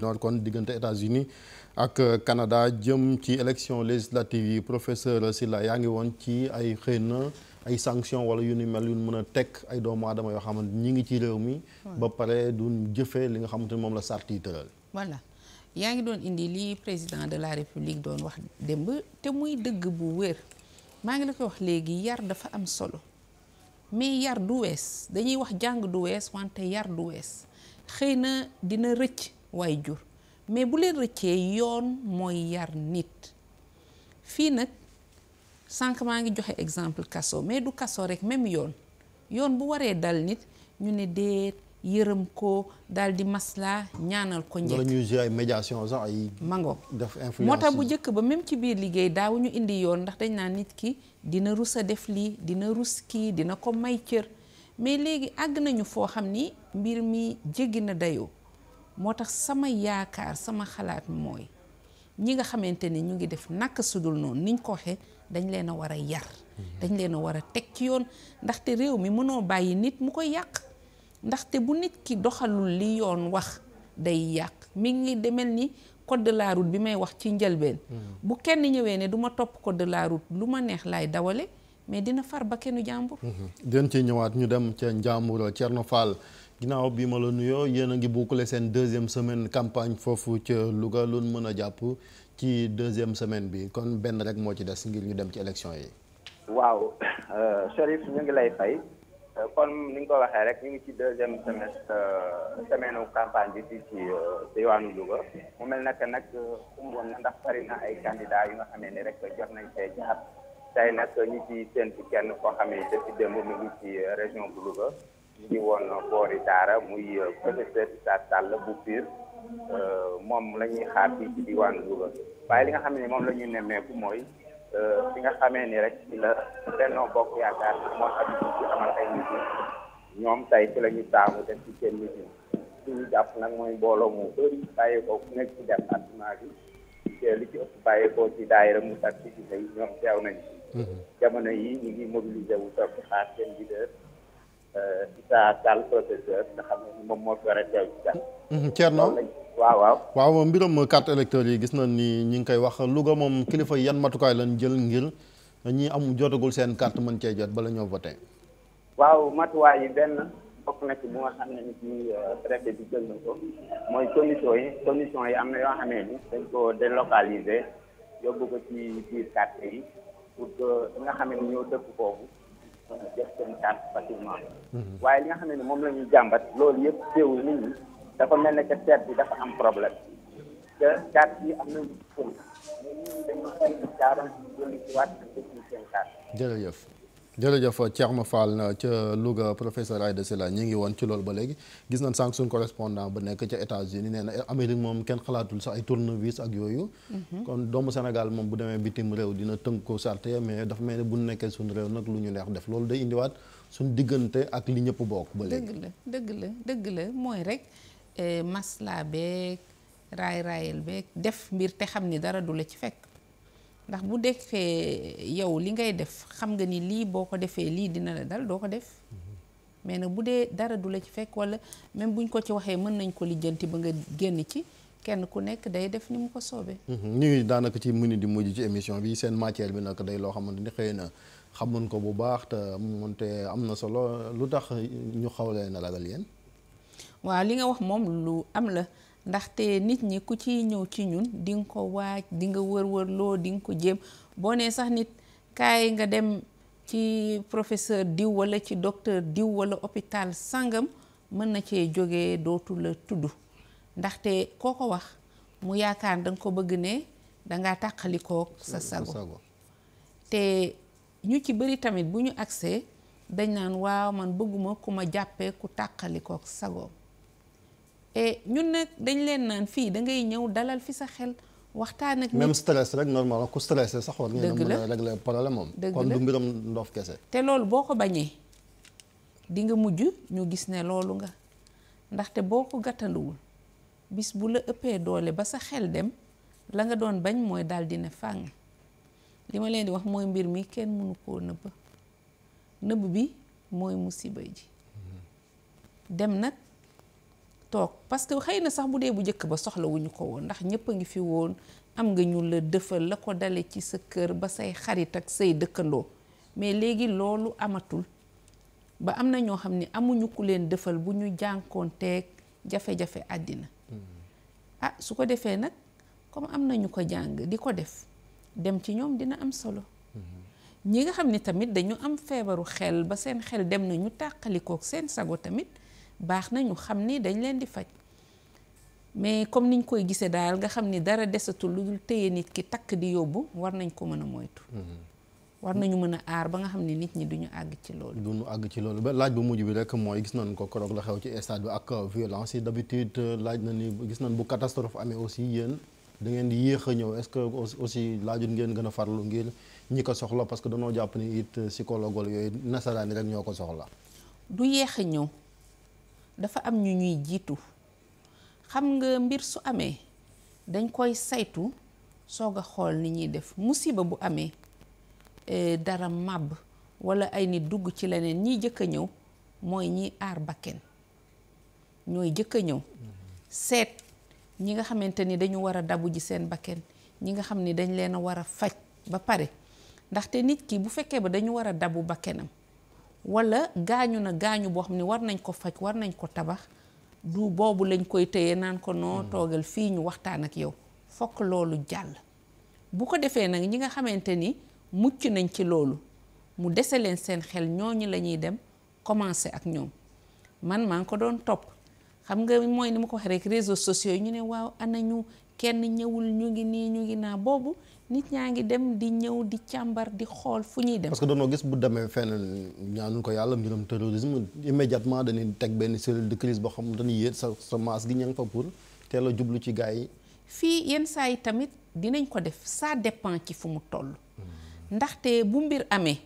ak euh, Canada jëm ci élection législative yi professeur Sylla yaa ngi woon ci ay xëy na ay sanction wala yu ni mel yu mën a teg ay doomu aadama yoo xamante ñi ngi ci réew mi. ba pare du jëfee li nga xamante ni moom la sart yi tëral. yaa ngi doon indi li président de la république doon wax démb te muy dëgg bu wér maa ngi la koy wax léegi yar dafa am solo mais yar du wees dañuy wax jàng du wees wante yar du wees xëy na dina rëcc waay jur. mais bu leen rëccee yoon mooy yar nit fii nag sànq maa ngi joxe exemple kaso mais du kaso rek même yoon yoon bu waree dal nit ñu ne déet yërëm ko daal di masla ñaanal ko njëkk. wala médiation sax ay. mango def moo tax bu njëkk ba même ci biir liggéey daawuñu indi yoon ndax dañ naan nit ki dina rus a def lii dina rus ki dina ko may cër mais léegi àgg nañu foo xam ni mbir mi jéggi na dayoo. moo tax sama yaakaar sama xalaat mooy ñi nga xamante ni ñu ngi def naka sudul noonu niñ ko waxee dañ leen a war a yar mhm. dañ leen a war a teg ci yoon ndaxte réew mi mënoo bàyyi nit mu koy yàq ndaxte bu nit ki doxalul li yoon wax day yàq mi ngi demel ni code de la bi may wax ci njëlbeen mhm. bu kenn ñëwee ne du ma topp code de la lu ma neex laay dawale mais dina far ba kennu jàmbur. Mhm. dinañ ñëwaat ñu dem ca njàmbur Thierno Fall ginnaaw bii ma la nuyoo yéen a ngi boucler seen deuxième semaine campagne foofu ca Louga lu mën a jàpp ci deuxième semaine bi kon benn rek moo ci des ngir ñu dem ci élection yi. waaw euh, Chérif ñu ngi lay fay euh, kon ni nga ko waxee rek ñu ngi ci deuxième semestre euh, semaine campagne bi fii ci diwaanu Louga mu mel nag nag umboon na ndax bari ay candidats yu nga xamee ni rek jot nañ see jaar tey nag ñu ci séntu kenn koo xam ne depuis démb mu ngi ci région bu Louga. ñu ngi woon boori daara muy euh, professeur Issa Sall bu Pire euh, moom la ñuy xaar fii ci diwaan Louga waaye li nga xam ne moom la ñuy nemmeeku mooy euh, fi nga xamee ni rek ci la Benno Bokk Yaakaar moo habitude ci amal ay meeting ñoom tey ci la ñu ci seen meeting jàpp nag mooy mbooloo mu bëri bàyyi ko ku nekk ci département bi li ci ëpp bàyyeekoo ci daayira mu tak ci gise yi ñoom teew nañu mhm. jamono yi ñu ngi mobilisé wu toog xaar seen leader Euh, Issa Tall professeur nga xam ne moom moo fi war a teew ci daal. Mhm, waaw waaw. waaw mbiram carte électeur yi gis na ni ñu ngi koy wax Louga moom kilifa yan matukaay lañ jël ngir ñi am jootagul seen carte mën cee jot bala ñëw voté. waaw matuwaay yi benn bokk na ci bu nga xam ne nit ñi euh, préfet bi jël na ko mooy commission yi commission yi am na yoo xamee ni dañ ko délocaliser yóbbu ko ci biir carte yi pour que nga xam ne ñoo dëkk foofu. def seen carte facilement waaye li nga xam ne ni moom la jàmbat loolu yëpp teewul nit ñi dafa mel ne que carte bi dafa am problème te carte yi am nañu fóot mais nit ñi dañuy seen carte dolli ci waat ak jërëjëf Thierno Fall ca Louga professeur de Sylla ñu ngi woon ci loolu ba léegi gis nañ sànq suñ correspondant ba nekk ca États-Unis nee na moom kenn xalaatul sax ay tournevis ak yooyu mhm. kon doomu Sénégal moom bu demee bitim réew dina tënk ko sarte mais dafa mel ne bu nekkee suñ réew nag lu ñu neex def loolu day indiwaat suñ diggante ak li ñëpp bokk ba léegi dëgg la dëgg la mooy rek eh, masla beeg raay raayel beeg def mbir te xam ni dara la ci fekk ndax bu defee yow li ngay def xam nga ni lii boo ko defee lii dina la dal doo ko def mais na bu dee dara du la ci fekk walla même buñ ko ci waxee mën nañ ko lijjanti ba nga génn ci kenn ku nekk day def ni mu ko soobee. Mhm. ñu daanaka ci minute di mujj ci émission bi seen matière bi nag day loo xamante ni xëy na xamuñ ko bu baax te moonte am na solo lu tax ñu xaw leen ragal yéen. waaw li nga wax moom lu am la. ndaxte nit ñi ku ci ñëw ci ñun di nga ko waaj dinga nga wër-wër loo di nga ko jéem boo nee sax nit kaay nga dem ci professeur diw wala ci docteur diw wala hôpital sangam mën na cee jóge dootu la tudd ndaxte koo ko wax mu yaakaar da ko bëgg ne danga tàqalikook sa sago te ñu ci bëri tamit bu ñu agsee dañ naan waaw man bëgguma ku ma jàppee ku tàqalikook sago ñun nag dañ leen naan fii dangay ñëw dalal fi sa xel waxtaan ak. même stress rek normalement ku stressé sax war ngeen mën a régler la moom. dëgg la kon du mbiram ndoof kese. te loolu boo ko bañee di nga mujj ñu gis ne loolu nga ndaxte boo ko gàttanduwul bis bu la ëppee doole ba sa xel dem la nga doon bañ mooy daal di ne fàng li ma leen di wax mooy mbir mi kenn mënu koo nëbb nëbb bi mooy musiba ji mm-hmm. dem nag. toog parce que xëy na sax bu dee bu njëkk ba soxlawuñu ko woon ndax ñëpp a ngi fi woon am nga ñu la dëfal la ko dale ci sa kër ba say xarit ak say dëkkandoo mais léegi loolu amatul ba am na ñoo xam ne amuñu ku leen dëfal bu ñu jànkoonteeg jafe-jafe àddina mm-hmm. ah su ko defee nag comme am na ñu ko jàng di ko def dem ci ñoom dina am solo mm-hmm. ñi nga xam ne tamit dañu am feebaru xel ba seen xel dem na ñu tàqalikook seen sago tamit baax na ñu xam ni dañ leen di faj mais comme ni ñu koy gisee daal nga xam ni dara desatul lu dul téye nit ki takk di yóbbu war nañ ko mën a moytu. Mm-hmm. war nañu mën a aar ba nga xam ni nit ñi duñu àgg ci loolu. duñu àgg ci loolu ba laaj bu mujj bi rek mooy gis nañ ko keroog la xew ci stade bi ak violence yi d'habitude euh, laaj na ni gis nañ bu catastrophe amee aussi yéen da ngeen di yéex a ñëw est-ce que aussi laajut ngeen gën a farlu ngir ñi ko soxla parce que danoo jàpp ni it psychologue yooyu nasaraan rek ñoo ko soxla. du yéex a ñëw. dafa am ñu ñuy jiitu xam nga mbir su amee dañ koy saytu soog a xool ni ñuy def musiba bu amee eh, dara màbb wala ay nit dugg ci leneen ñiy jëkk a ñëw mooy ñiy aar bakken ñooy jëkk a ñëw seet ñi nga xamante ni dañu war a dabu ji seen bakken ñi nga xam ni dañ leen a war a faj ba pare ndaxte nit ki bu fekkee ba dañu war a dabu bakkenam wala gaañu na gaañu boo xam ne war nañ ko faj war nañ ko tabax du boobu lañ koy tëyee naan ko noo mm. toogal fii ñu waxtaan ak yow fokk loolu jàll bu ko defee nag ñi nga xamante ni mucc nañ ci loolu mu dese leen seen xel ñooñu la ñuy dem commencer ak ñoom man maa ngi ko doon topp xam nga mooy ni ma ko waxee rek réseau sociaux yi ñu ne waaw ana ñu kenn ñëwul ñu ngi nii ñu ngi naa boobu nit ñaa ngi dem di ñëw di càmbar di xool fu ñuy dem. parce que doonoo gis bu demee ñaa ñaanuñ ko yàlla mbiram terrorisme immédiatement dañuy teg benn cellule de crise boo xam ne dañuy yéet sa sa masse gi ña nga fa pour teel a jublu ci gars yi. fii yenn saa yi tamit dinañ ko def ça dépend ci fu mu toll. Hmm. ndaxte bu mbir amee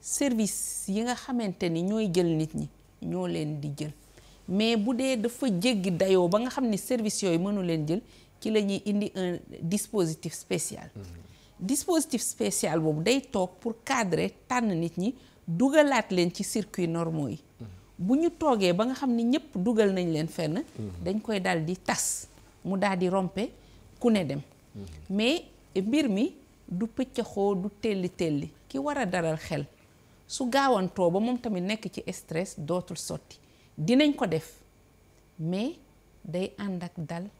service yi nga xamante ni ñooy jël nit ñi ñoo leen di jël mais bu dee dafa jéggi dayoo ba nga xam ni service yooyu mënu leen jël. ci la ñuy indi un dispositif spécial. dispositif spécial boobu day toog pour cadrer tànn nit ñi dugalaat leen ci circuit normaux yi. bu ñu toogee ba nga xam ni ñëpp dugal nañ leen fenn. dañ koy daal di tas mu daal di rompe ku ne dem. mais mbir mi du pëccaxoo du telli telli ki war a daral xel su gaawantoo ba moom tamit nekk ci stress dootul sotti dinañ ko def mais day ànd ak dal.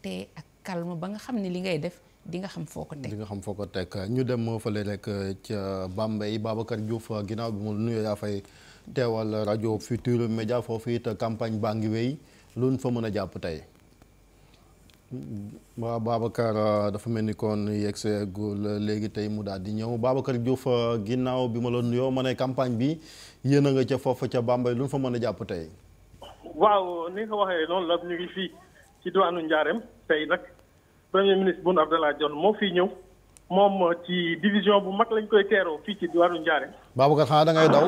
tey ak calme ba nga xam ne li ngay def di nga xam foo ko teg di nga xam foo ko teg ñu dem fële rek euh, ca Bambey Babacar Diouf euh, ginnaaw bi mu nuyoo yaa fay teewal rajo Futurs Médias foofu it campagne baa ngi wéy luñ fa mën a jàpp tey. waaw Babacar euh, dafa mel ni kon yeggseegul léegi tey mu daal di ñëw Babacar Diouf ginnaaw bi ma la nuyoo ma ne campagne bi yéen a nga ca foofu ca Bambey luñ fa mën a jàpp tey. waaw ni nga waxee noonu la ñu ngi fii. ci diwaanu Njaareem tey nag premier ministre Boun Abdallah Dionne moo fii ñëw moom ci division bu mag lañ koy teeroo fii ci diwaanu Njaareem. Babacar xanaa da ngay daw.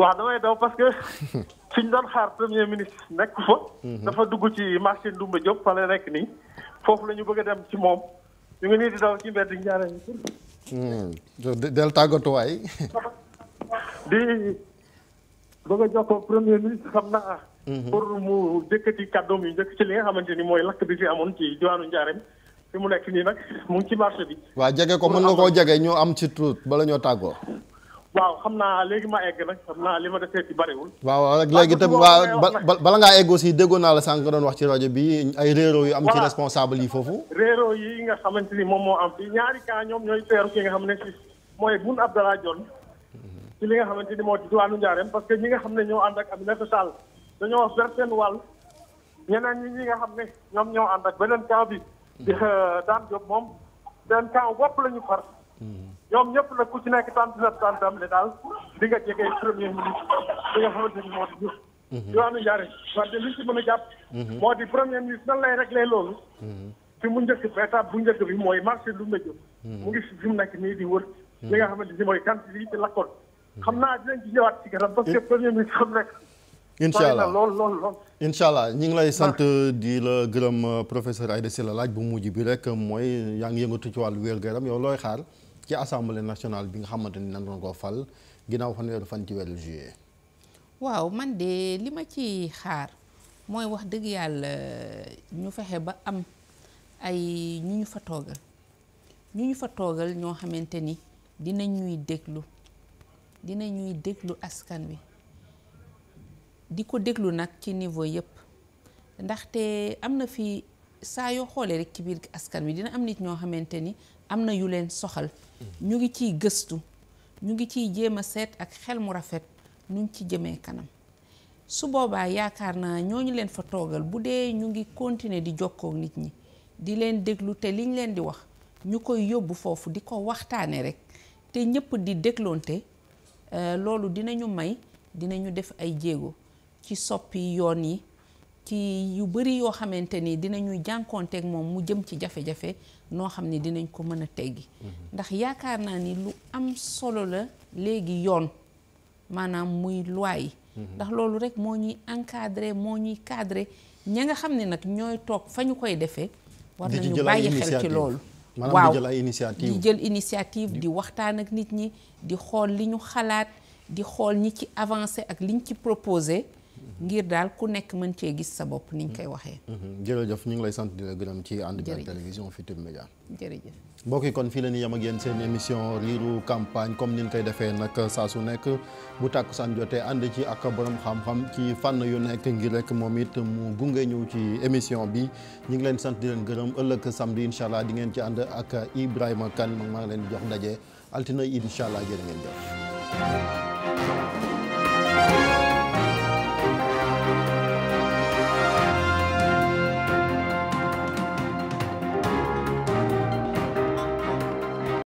waaw damay daw parce que [LAUGHS] fi ñu doon xaar premier ministre nekk fa. Mhm. dafa dugg ci marché Ndumba Diop fa la nii foofu lañu ñu bëgg a dem ci moom ñu ngi nii di daw ci mbedd Njaareem. Mhm. del tàggatuwaay. [LAUGHS] di bëgg a jokkoo premier ministre xam naa. Mhm. pour mu jëkkati kàddoom yu njëkk ci li nga xamante ni mooy lakk bi fi amoon ci diwaanu Njaareem fi mu nekk nii nag mu ngi ci marché bi. waa jege ko mën nga koo jege ñu am ci tuut bala ñoo tàggoo. waaw xam naa léegi ma egg nag xam naa li ma defee bariwul. waaw waaw léegi tam waaw bala ngaa egg aussi déggoon naa la sànq nga doon wax ci rajo bi ay réero yu am ci responsable yi foofu. réero yi nga xamante ni moom moo am ñaari cas ñoom ñooy teeru ki nga xam ne mooy Boun Abdallah Dionne mhm. ci li nga xamante ni moo ci diwaanu Njaareem parce que ñi nga xam ne ñoo ànd a Aminata Sall dañoo vers seen wal ñeneen ñi ñi nga xam ne ñoom ñoo ànd ak beneen camp bi di mm-hmm. euh, daan jóg moom seen camp bopp la ñu far mm-hmm. ñoom ñëpp nag ku ci nekk tant na tantam ne daal di nga jege premier ministre bi nga xamante ni moo di Diouf diwaanu mm-hmm. Ndiarène mën a jàpp moo di premier ministre nan lay réglé loolu fi mu njëkk bi étape bu njëkk bi mooy marché lu méjo mu ngi fi mu nekk nii di wër li nga xamante ni mooy quantité yi ci lakkoon xam naa dinañ ci ñëwaat ci kanam parce que eh. premier ministre xam incha allah lool lool lool. allah ñu ngi lay sant di la gërëm euh, professeur Aïda Sylla laaj bu mujj bi rek mooy yaa ngi yëngatu ci wàllu wér gu yow looy xaar ci assemblée nationale bi nga xamante ni nan doon koo fal ginnaaw fanweeri fan ci weeru juillet. waaw man de li ma ci xaar mooy wax dëgg yàlla euh, ñu fexe ba am ay ñu ñu fa toogal ñu ñu fa toogal ñoo xamante ni dina ñuy déglu dina ñuy déglu askan wi. di ko déglu nag ci niveau yëpp ndaxte am na fi saa yoo xoolee rek ci biir askan wi dina am nit ñoo xamante ni am na yu leen soxal ñu ngi ciy gëstu ñu ngi ciy jéem a seet ak xel mu rafet nuñ ci jëmee kanam su boobaa yaakaar naa ñooñu leen fa toogal bu dee ñu ngi continuer di jokkook nit ñi di leen déglu te liñ leen di wax ñu koy yóbbu foofu di ko waxtaane rek te ñëpp di dégloonte euh, loolu dinañu may dinañu def ay jéego ci soppi yoon yi ci yu bëri yoo xamante ni dinañuy jànkoonteeg moom mu jëm ci jafe-jafe noo xam ni dinañ ko mën a teggi mhm. ndax yaakaar naa ni lu am solo la léegi yoon maanaam muy loi yi mhm. ndax loolu rek moo ñuy encadré moo ñuy cadré ña nga xam ne nag ñooy toog fa ñu koy defee war nañu bàyyi xel ci loolu waaw di jël initiative di waxtaan ak nit ñi di xool li ñu xalaat di xool ñi ci avancé ak liñ ci proposé ngir daal ku nekk mën cee gis sa bopp ni niñ koy waxee. Mhm. jërëjëf ñu ngi lay sant di la gërëm ci ànd bi ak télévision Futurs Médias. jërëjëf yi kon fii leen ñu yem ak yéen seen émission riiru campagne comme ni ñu koy defee nag saa su nekk bu tàkkusaan jotee ànd ci ak borom xam ci fànn yu nekk ngir rek moom it mu gunge ñëw ci émission bi ñu ngi leen sant di leen gërëm ëllëg samedi incha allah di ngeen ci ànd ak Ibrahima Kane maa ngi leen jox ndaje altine incha allah jërë ngeen jëf.